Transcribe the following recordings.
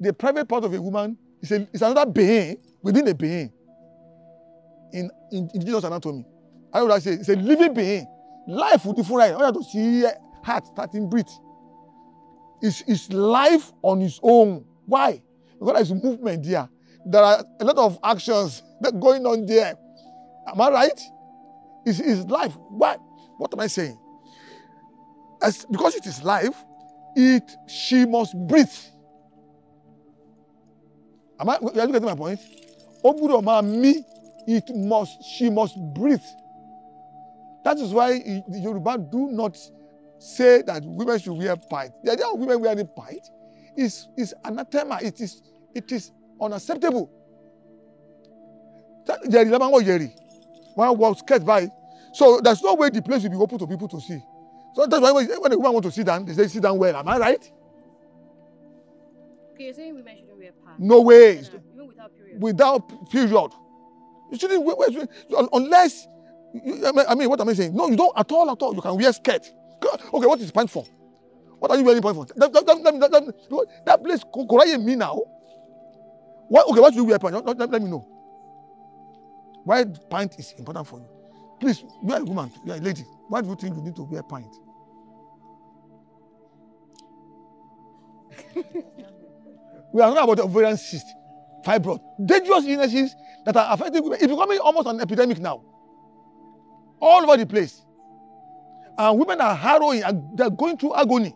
the private part of a woman is, a, is another being within a being in, in, in Jesus' anatomy. I would say it's a living being. Life with different right. I want to see heart starting breathe. It's, it's life on its own. Why? Because there's movement there. There are a lot of actions that going on there. Am I right? It's, it's life. Why? What am I saying? As, because it is life, it she must breathe. Am I, are you getting my point? Ó gbúdọ̀ máa mí, it must, she must breathe. That is why the Yoruba do not say that women should wear pint. The idea of women wearing pint is, is anathema. It is, it is unacceptable. Yẹ̀rì la máa ń wọ yẹ̀rì. Wọ́n á wọ skirt by? So there is no way the place will be open to people to see. So that's why when, when a woman want to sit down, they say sit down well. Am I right? Okay, you're saying women shouldn't wear pants. No way. even without period. Without period. You shouldn't wear, wear, wear unless you, I mean what am I saying? No, you don't at all at all. You can wear skirt. Okay, what is pants for? What are you wearing pants for? That, that, that, that, that, that place correct me now. Why okay, what do you wear pants? Let, let, let me know. Why pants is important for you? Please, you are a woman, you are a lady. Why do you think you need to wear pants? We are talking about ovarian cyst, fibroid, dangerous illnesses that are affecting women. It's becoming almost an epidemic now, all over the place. And women are harrowing and they're going through agony.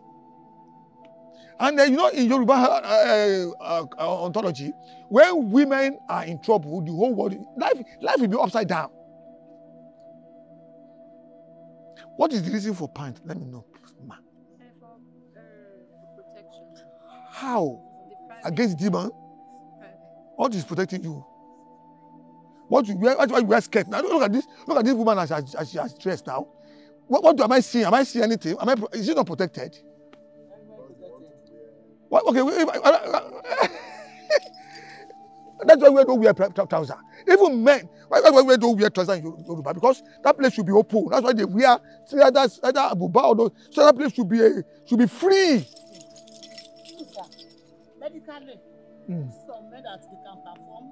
And then, you know, in Yoruba uh, uh, uh, ontology, when women are in trouble, the whole world, life, life will be upside down. What is the reason for pant? Let me know, ma. Uh, How? against demon. What is protecting you? What you wear, why you wear skirt. Now look at this, look at this woman as, as, as she has dressed now. What, what do am I seeing? Am I seeing anything? Am I is she not protected? What, okay, if, I, uh, I, that's why we don't wear trousers. Even men, that's why we don't wear trousers in Yoruba because that place should be open. That's why they wear either either abuba or no. So that place should be a, should be free medically mm. some men that they can perform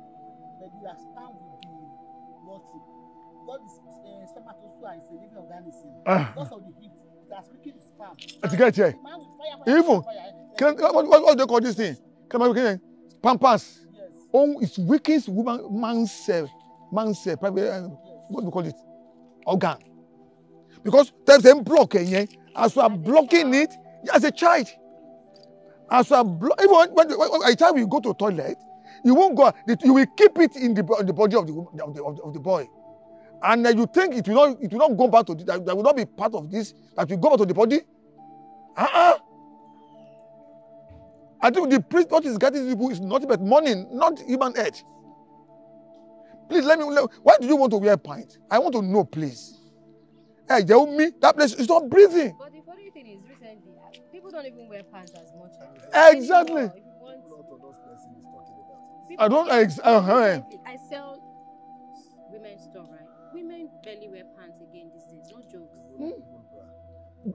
but their sperm will be rotten God is uh, spermatozoa is a living organism uh. because of the heat it has sperm. àti kẹ́ ẹ̀ tiẹ̀ even eh, can what what do they call this thing can I begin Pampas. yes. oh it weakens woman man's man's cell private uh, yes. what do we call it organ because tẹ̀sẹ̀ ń block Yeah. as we are blocking it as a child. As so I'm blo- even when, when, when, by time you go to toilet, you won't go. You will keep it in the, in the body of the, of the, of the, of the boy. And uh, you think it will not, it will not go back to the, that, that will not be part of this that will go back to the body. Uh-uh. I think the priest what is getting people is nothing but money, not human head. Please let me. Let, why do you want to wear pint? I want to know, please. Hey, tell me that place is not breathing. But is recently, people don't even wear pants as much. exactly. I don't. Ex uh -huh. I sell women's stuff, right? Women barely wear pants again these days. No jokes. Hmm?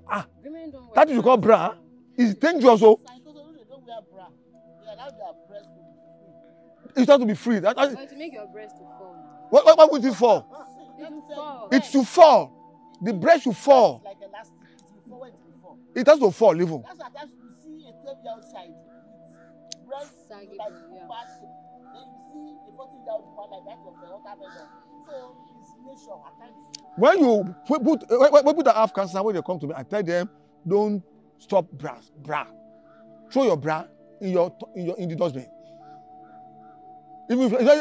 Ah, women don't wear that you call bra It's dangerous. Oh. It has to be free. That, that, but to make your breast to fall. What? why, would it fall? It will fall. It's to fall. The breast should fall. Like elastic. It has to fall even. That's you see a When you put eh, when people that have cancer when they come to me I tell them don't stop bra bra throw your bra in your in your in the dustbin even if if, if i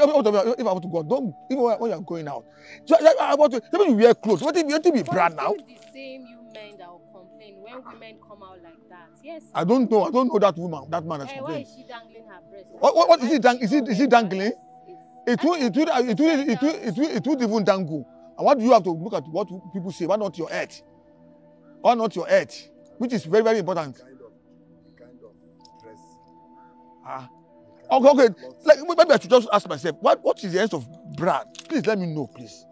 want to go out don even when, when you are going out so i want to even you wear cloth wetin wetin be bra now. the same you men that when women come out like that. Yes. I don't know. I don't know that woman. That man has eh, hey, complained. Why is she dangling her breast? What, what, what is, it dang, is it? Is it dangling? It will, it will, it will, it will, it will, it will even dangle. And what do you have to look at? What people say? Why not your head? Why not your head? Which is very, very important. Kind of, kind of dress. Ah. Okay, okay. Like maybe I should just ask myself, what, what is the essence of bra? Please let me know, please.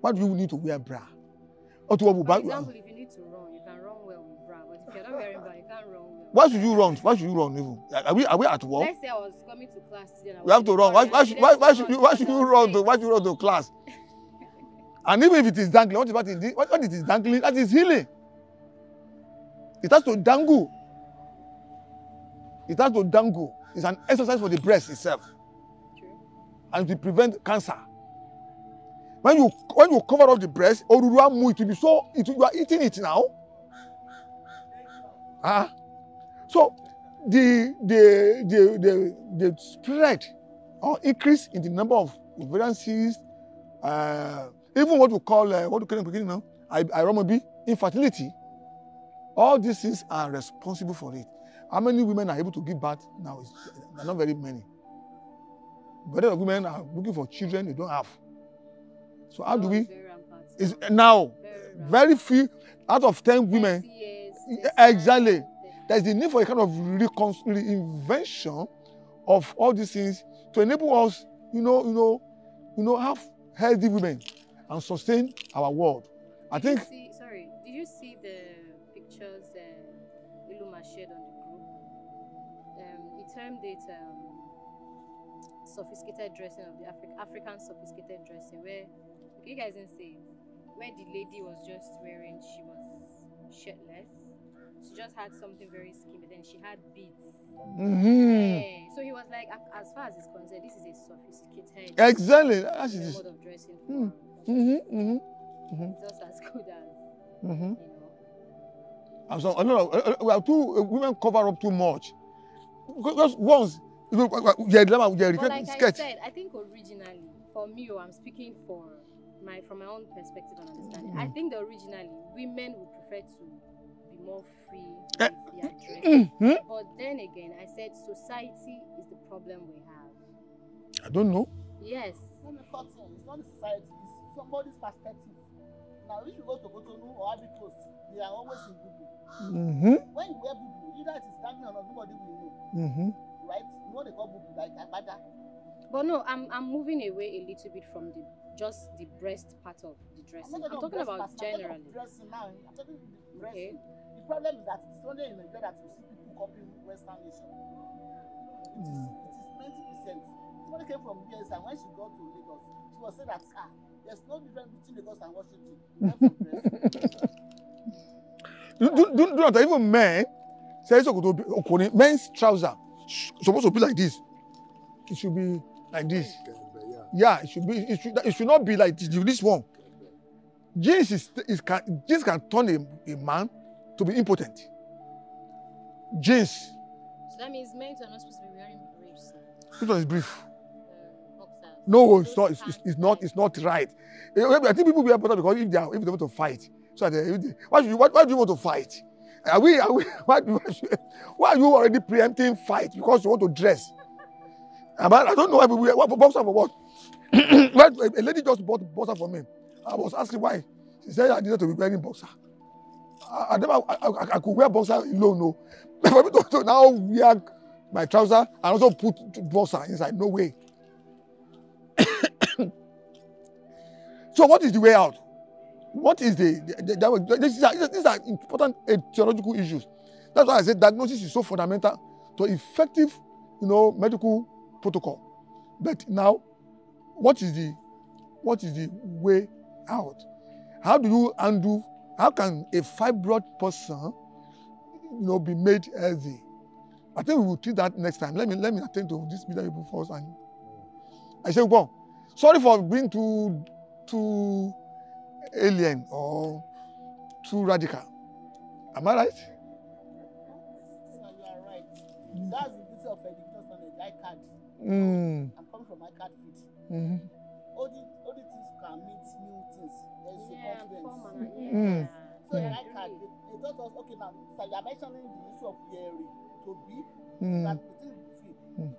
Why do you need to wear bra? Or to wear For example, if why should you run why should you run even are we are we at war. We have to run why why should why, why should you why should you run to why should you run to class and even if it is dangling what about it what, what it is dangling that is healing it has to dangle it has to dangle it's an exercise for the breast itself True. and to prevent cancer when you when you cover up the breast oruru amu it will be so it will, you are eating it now ah. Huh? So the, the, the, the, the spread or increase in the number of variances, uh, even what we call, uh, what we call in now, iromobi, infertility, all these things are responsible for it. How many women are able to give birth now? Is not very many. But then women are looking for children they don't have. So how oh, do we? Is now very, very few out of ten women. Years, exactly. Time. There's the need for a kind of reinvention of all these things to enable us, you know, you know, you know, have healthy women and sustain our world. Did I think. See, sorry, did you see the pictures uh, um, Iluma shared on the group? Um, he termed it um, sophisticated dressing of the Afri African sophisticated dressing, where you guys didn't see where the lady was just wearing she was shirtless she just had something very skinny, but then she had beads. Mm -hmm. yeah. So he was like, as far as he's concerned, this is a sophisticated exactly. That's just... of dressing. Mm. Mm-hmm. Mm-hmm. Mm-hmm. Just as good as mm-hmm. you know. I'm sorry, no, no, have uh, uh, two uh, women cover up too much. Because once, you know, uh, yeah, yeah, but like sketch. I said, I think originally, for me, or oh, I'm speaking for my from my own perspective and understanding, mm. I mm-hmm. think that originally women would prefer to more free with their mm But then again, I said society is the problem we have. I don't know. Yes. No, no, cotton. It's not society. It's somebody's perspective. Now, if you go to Cotonou or Abbey Coast, they are always in Bubu. Mm-hmm. When you wear Bubu, either it is dancing or not, nobody will know. Mm-hmm. Right? You know they call Bubu like Abada. But no, I'm I'm moving away a little bit from the just the breast part of the dressing. I'm, I'm talking about generally. Dressing now. I'm talking dressing. Okay. problem is that it's only in Nigeria that you see people copying Western nation. It is mm. it is ninety percent. Somebody came from US and when she got to Lagos, she was saying that ah, is no difference between Lagos and Washington. do, do, do, not even men say sokoto okuni men's trouser suppose to be like this it should be like this yeah it should be it should it should not be like this, this one jeans is is can jeans can turn a a man to be impotent. Jeans. So that means men are not supposed to be wearing briefs. This one is brief. Uh, no, it's not. It's, it's, it's not. It's not right. Eh, eh, I think people wear boxers because if they are, if they want to fight, so they, eh, they, why should why, why do you want to fight? Are we? Are we? Why, why, should, why are you already preempting fight because you want to dress? I, don't know why people wear boxer for what. a lady just bought boxer for me. I was asking why. She said I needed to be wearing boxer. I, I never, I, I, I could wear boxer alone, no. But for me to, to now wear my trouser and also put boxer inside, no way. so what is the way out? What is the, the, the, the this, is, these are important uh, theological issues. That's why I said diagnosis is so fundamental to effective, you know, medical protocol. But now, what is the what is the way out? How do you undo How can a fibroid person you know, be made healthy? I think we will treat that next time. Let me let me attend to this media people first. And I say, well, sorry for being too too alien or too radical. Am I right? you are right. That's the beauty of education standard. I card. Mm. I'm coming from my card feed. Mm-hmm. fact, they, they us, okay, now, sir, you are mentioning the issue of hearing to be mm. that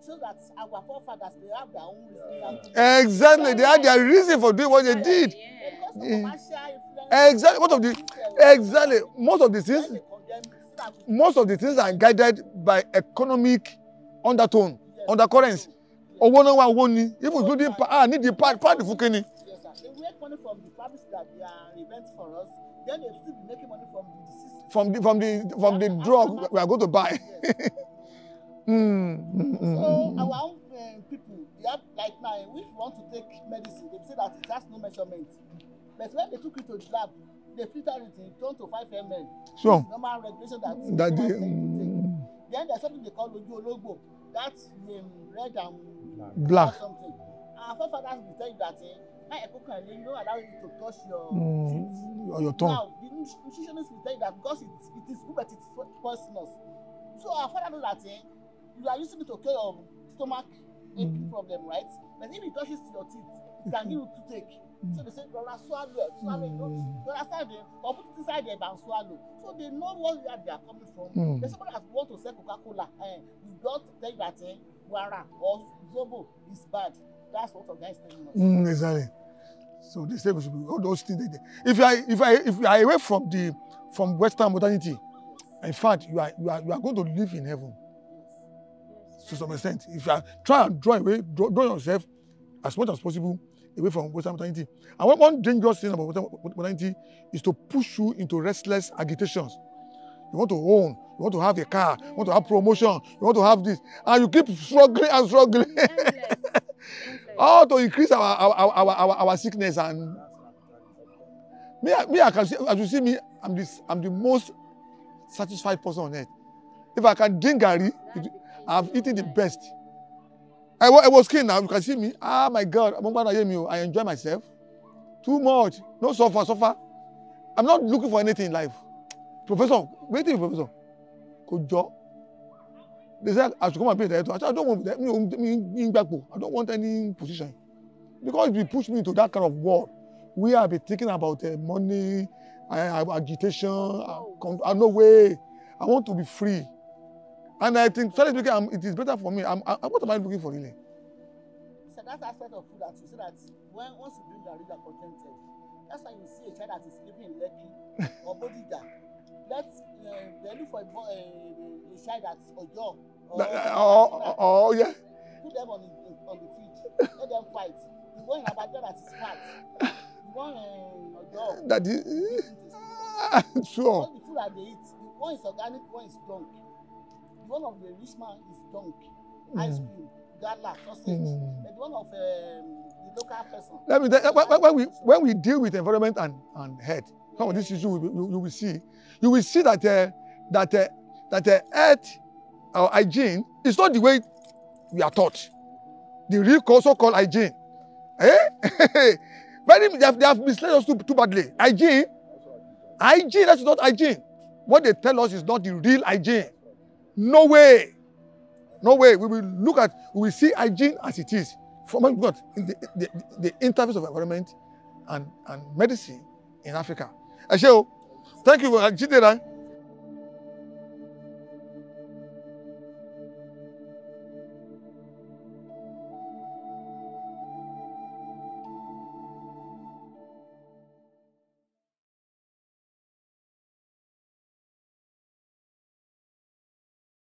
so that our forefathers they have their own reason. Yeah. Exactly, they had their reason for doing what they did. Yeah. yeah. Exactly, most of the exactly most of the things most of the things are guided by economic undertone, yes. undercurrents. Owó náà wà wó ni, ah, the part, ah nídìí pad pad fún kínní make money from the fabrics that they are rent for us, then they still be making money from the disease. From the from the from the drug we are going to buy. Yes. Mm, mm, so mm. mm our mm. own um, people, have like now, if you want to take medicine, they say that it has no measurement. But when they took it to the lab, they filter it in turn to five ml. Sure. It's normal regulation that. That they. Mm. Then there's something they call ojú ológbò. That's um, red and black. black. Or something. Our forefathers will tell you that. Uh, you to touch mm, on your tongue. Now, the nutritionist will tell you that because it, it is good, but it is poisonous. So our father knows that eh, you are using it to cure your stomach aching mm. problem, right? But if it touches to your teeth, it can give you toothache. Mm. So they say, Lola, swallow it, swallow it, don't mm. Lola, inside them, or put it inside there and swallow. So they know where they are coming from. Mm. There's somebody that wants to sell Coca-Cola. Eh, you don't tell that eh, Wara or Zobo is bad. That's what a guy is telling us. Mm, exactly. So the same should be all those things. They, If you are if I if you are away from the from Western modernity, in fact, you are you are you are going to live in heaven. To some extent, if you are try and draw away, draw, draw yourself as much as possible away from Western modernity. And one, one dangerous thing about Western modernity is to push you into restless agitations. You want to own, you want to have a car, you want to have promotion, you want to have this, and you keep struggling and struggling all to increase our our our our, our sickness and me me I can see as you see me I'm the I'm the most satisfied person on earth if I can drink garri I'm eating the best I was I was keen now you can see me ah my God amongban ayemi o I enjoy myself too much no suffer suffer I'm not looking for anything in life professor wetin be professor ko jọ They said, I should come and pay the director. I said, I don't want that. I don't want any position. Because if you push me into that kind of world, we have been thinking about uh, money, uh, agitation, uh, uh, no way. I want to be free. And I think, sorry speaking, I'm, it is better for me. I'm, I, what am I looking for really? So that aspect of food that so that when once you bring the reader contented, eh, that's why you see a child that is living in Lekki or Bodija let uh, look for a, a child that's a girl. Or, uh, oh, oh, oh, yeah. Put them on the, on the field. Let them fight. You want a bad girl that is fat. You want uh, That is. Uh, sure. All the food that they eat, one is organic, one is drunk. One of the rich man is drunk. Hmm. Ice cream, gala, sausage. Mm. And one of um, the local person. Let me. That, when, when we when we deal with environment and and health some of this issues you, you, you will see, you will see that eh, eh, eh, uh, that uh, that uh, health or hygiene is not the way we are taught. The real so-called hygiene, eh? Very, they have, they have misled us too, too badly. Hygiene, hygiene, that's not hygiene. What they tell us is not the real hygiene. No way, no way. We will look at, we will see hygiene as it is. For my God, in the, the, the interface of environment and, and medicine in Africa ẹ ṣé o thank you Jide Rai.